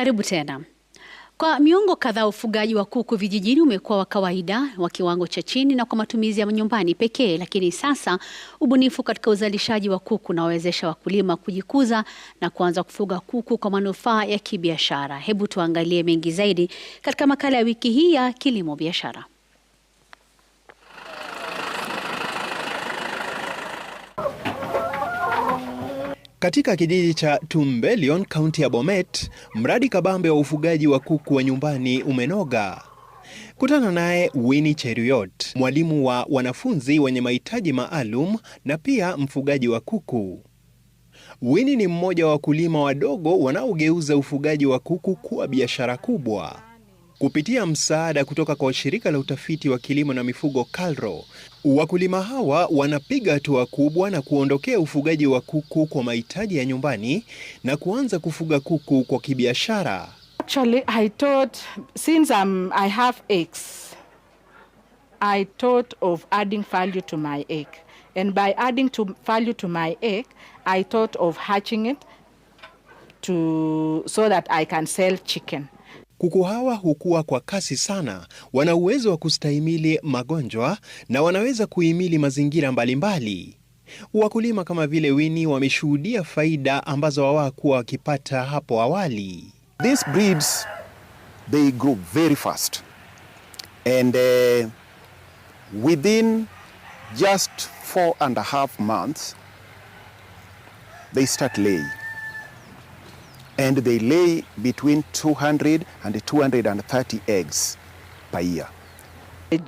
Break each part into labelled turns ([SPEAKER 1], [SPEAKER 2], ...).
[SPEAKER 1] Karibu tena. Kwa miongo kadhaa ufugaji wa kuku vijijini umekuwa wa kawaida wa kiwango cha chini na kwa matumizi ya nyumbani pekee, lakini sasa ubunifu katika uzalishaji wa kuku unawawezesha wakulima kujikuza na kuanza kufuga kuku kwa manufaa ya kibiashara. Hebu tuangalie mengi zaidi katika makala ya wiki hii ya Kilimo Biashara.
[SPEAKER 2] Katika kijiji cha Tumbelion, kaunti ya Bomet, mradi kabambe wa ufugaji wa kuku wa nyumbani umenoga. Kutana naye Winnie Cheruiyot, mwalimu wa wanafunzi wenye mahitaji maalum na pia mfugaji wa kuku. Winnie ni mmoja wa wakulima wadogo wanaogeuza ufugaji wa kuku kuwa biashara kubwa. Kupitia msaada kutoka kwa shirika la utafiti wa kilimo na mifugo KALRO, wakulima hawa wanapiga hatua kubwa na kuondokea ufugaji wa kuku kwa mahitaji ya nyumbani na kuanza kufuga kuku kwa kibiashara.
[SPEAKER 3] Actually, I thought, since I'm, I have eggs, I thought of adding value to my egg. And by adding to value to my egg, I thought of hatching it to, so that I can sell chicken.
[SPEAKER 2] Kuku hawa hukua kwa kasi sana, wana uwezo wa kustahimili magonjwa na wanaweza kuhimili mazingira mbalimbali. Wakulima kama vile wini wameshuhudia faida ambazo hawakuwa wakipata hapo awali.
[SPEAKER 4] These breeds they grow very fast and uh, within just four and a half months they start laying and they lay between 200 and 230 eggs per year.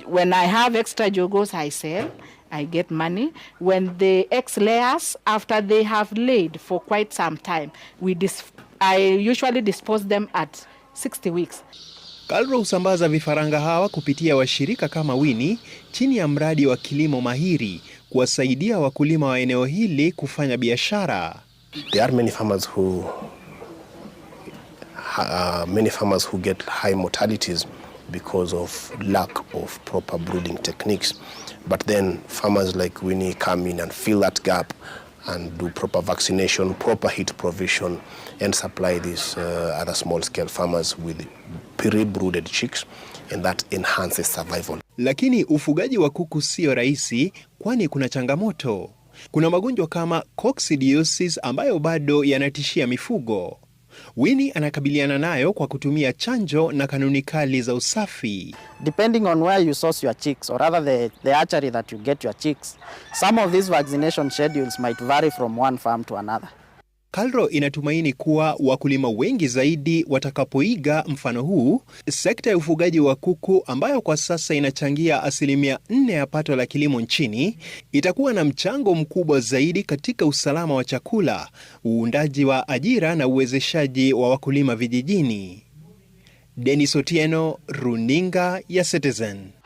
[SPEAKER 3] When I have extra jogos, I sell. I get money. When the eggs layers, after they have laid for quite some time, we dis I usually dispose them at 60 weeks.
[SPEAKER 2] KALRO husambaza vifaranga hawa kupitia washirika kama Wini chini ya mradi wa kilimo mahiri kuwasaidia wakulima wa eneo hili kufanya biashara.
[SPEAKER 5] There are many farmers who uh, many farmers who get high mortalities because of lack of proper brooding techniques. But then farmers like Winnie come in and fill that gap and do proper vaccination, proper heat provision, and supply these uh, other small-scale farmers with pre-brooded chicks, and that enhances survival.
[SPEAKER 2] Lakini ufugaji wa kuku sio rahisi, kwani kuna changamoto. Kuna magonjwa kama coccidiosis ambayo bado yanatishia mifugo. Wini anakabiliana nayo kwa kutumia chanjo na kanuni kali za usafi.
[SPEAKER 6] Depending on where you source your chicks or rather the, the archery that you get your chicks, some of these vaccination schedules might vary from one farm to another.
[SPEAKER 2] KALRO inatumaini kuwa wakulima wengi zaidi watakapoiga mfano huu, sekta ya ufugaji wa kuku ambayo kwa sasa inachangia asilimia nne ya pato la kilimo nchini itakuwa na mchango mkubwa zaidi katika usalama wa chakula, uundaji wa ajira na uwezeshaji wa wakulima vijijini. Denis Otieno, Runinga ya Citizen.